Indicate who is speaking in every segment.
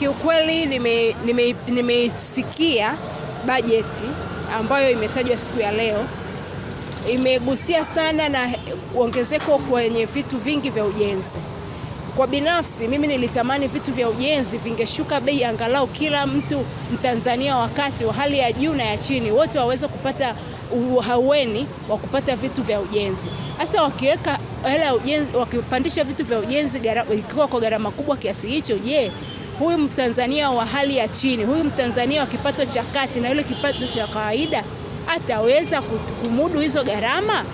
Speaker 1: kiukweli nimeisikia nime, nime bajeti ambayo imetajwa siku ya leo imegusia sana na ongezeko kwenye vitu vingi vya ujenzi. Kwa binafsi mimi nilitamani vitu vya ujenzi vingeshuka bei, angalau kila mtu Mtanzania wakati wa hali ya juu na ya chini wote waweze kupata uhaweni wa kupata vitu vya ujenzi. Sasa wakiweka hela ya ujenzi, wakipandisha vitu vya ujenzi ikiwa kwa gharama kubwa kiasi hicho, je, yeah huyu Mtanzania wa hali ya chini, huyu Mtanzania wa kipato cha kati na yule kipato cha kawaida ataweza kumudu hizo gharama?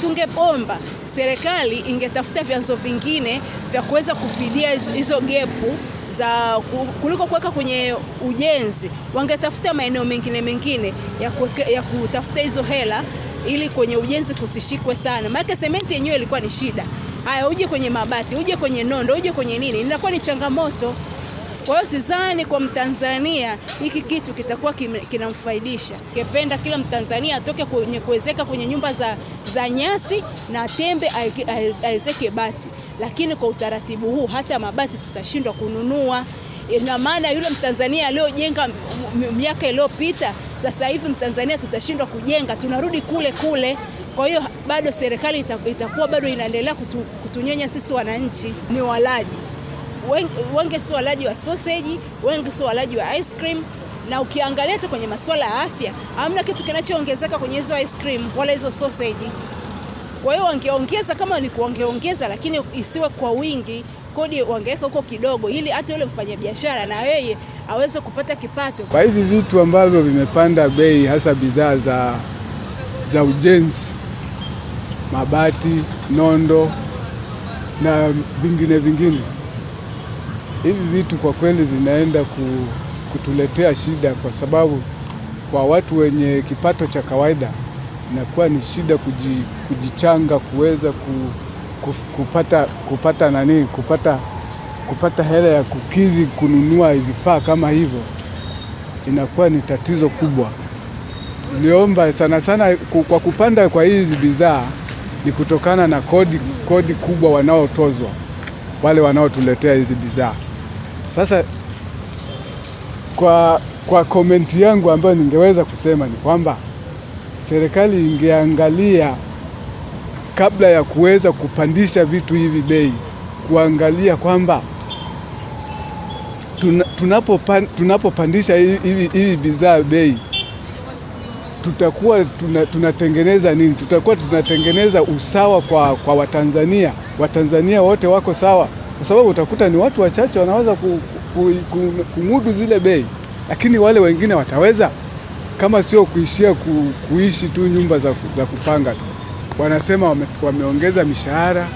Speaker 1: tungepomba serikali ingetafuta vyanzo vingine vya kuweza kufidia hizo, hizo gepu za kuliko kuweka kwenye ujenzi, wangetafuta maeneo mengine mengine ya, kweke, ya kutafuta hizo hela ili kwenye ujenzi kusishikwe sana, maana sementi yenyewe ilikuwa ni shida haya uje kwenye mabati, uje kwenye nondo, uje kwenye nini, inakuwa ni changamoto. Kwa hiyo sidhani kwa Mtanzania hiki kitu kitakuwa kinamfaidisha. Kependa kila Mtanzania atoke kwenye kuwezeka kwenye nyumba za, za nyasi na tembe awezeke bati, lakini kwa utaratibu huu hata mabati tutashindwa kununua. Ina maana yule Mtanzania aliyojenga miaka iliyopita sasa hivi Mtanzania tutashindwa kujenga, tunarudi kule kule. Kwa hiyo bado serikali itakuwa bado inaendelea kutu, kutunyonya sisi wananchi. Ni walaji wengi, wengi si walaji wa sausage, wengi si walaji wa ice cream na ukiangalia hata kwenye masuala ya afya hamna kitu kinachoongezeka kwenye hizo ice cream wala hizo sausage. Kwa hiyo wangeongeza, kama ni kuongeongeza, lakini isiwe kwa wingi, kodi wangeweka huko kidogo, ili hata yule mfanyabiashara na yeye aweze kupata kipato.
Speaker 2: Kwa hivi vitu ambavyo vimepanda bei, hasa bidhaa za, za ujenzi mabati, nondo na vingine vingine. Hivi vitu kwa kweli vinaenda kutuletea shida, kwa sababu kwa watu wenye kipato cha kawaida inakuwa ni shida kujichanga kuweza kupata kupata nani kupata kupata hela ya kukizi kununua vifaa kama hivyo, inakuwa ni tatizo kubwa. Niomba sana sana kwa kupanda kwa hizi bidhaa ni kutokana na kodi, kodi kubwa wanaotozwa wale wanaotuletea hizi bidhaa. Sasa kwa, kwa komenti yangu ambayo ningeweza kusema ni kwamba serikali ingeangalia kabla ya kuweza kupandisha vitu hivi bei, kuangalia kwamba tunapopandisha hivi bidhaa bei tutakuwa tuna, tunatengeneza nini? Tutakuwa tunatengeneza usawa kwa, kwa Watanzania. Watanzania wote wako sawa, kwa sababu utakuta ni watu wachache wanaweza ku, ku, ku, kumudu zile bei, lakini wale wengine wataweza kama sio kuishia ku, kuishi tu nyumba za, za kupanga tu. Wanasema wame, wameongeza mishahara,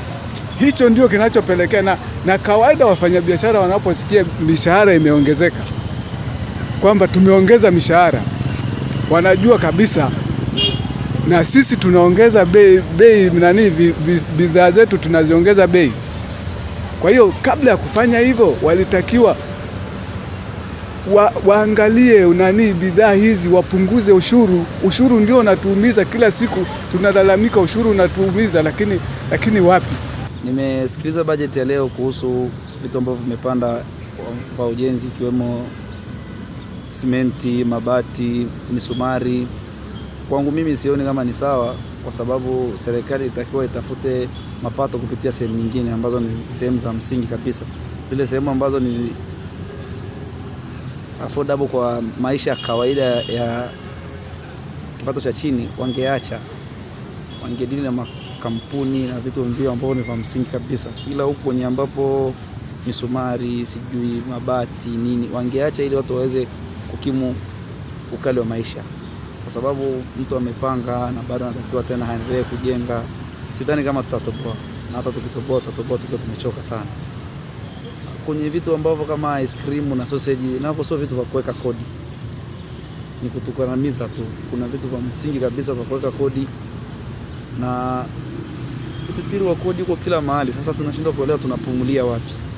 Speaker 2: hicho ndio kinachopelekea na, na kawaida wafanyabiashara wanaposikia mishahara imeongezeka kwamba tumeongeza mishahara wanajua kabisa na sisi tunaongeza bei bei nani bidhaa zetu tunaziongeza bei. Kwa hiyo kabla ya kufanya hivyo walitakiwa wa, waangalie nani bidhaa hizi wapunguze ushuru. Ushuru ndio unatuumiza kila siku, tunalalamika ushuru unatuumiza, lakini lakini wapi?
Speaker 3: Nimesikiliza bajeti ya leo kuhusu vitu ambavyo vimepanda kwa ujenzi ikiwemo simenti, mabati, misumari. Kwangu mimi sioni kama ni sawa, kwa sababu serikali itakiwa itafute mapato kupitia sehemu nyingine ambazo ni sehemu za msingi kabisa, zile sehemu ambazo ni affordable kwa maisha ya kawaida ya kipato cha chini, wangeacha wangedili na makampuni na vitu vio ambavyo ni vya msingi kabisa, ila huku kwenye ambapo misumari, sijui mabati nini, wangeacha ili watu waweze kukimu ukali wa maisha, kwa sababu mtu amepanga na bado anatakiwa tena aendelee kujenga. Sidhani kama tutatoboa, na hata tukitoboa tutatoboa tukiwa tumechoka sana kwenye vitu ambavyo kama ice cream na sausage, nako sio vitu vya kuweka kodi, ni kutukanamiza tu. Kuna vitu vya msingi kabisa vya kuweka kodi na utitiri wa kodi uko kila mahali. Sasa tunashindwa kuelewa tunapumulia wapi.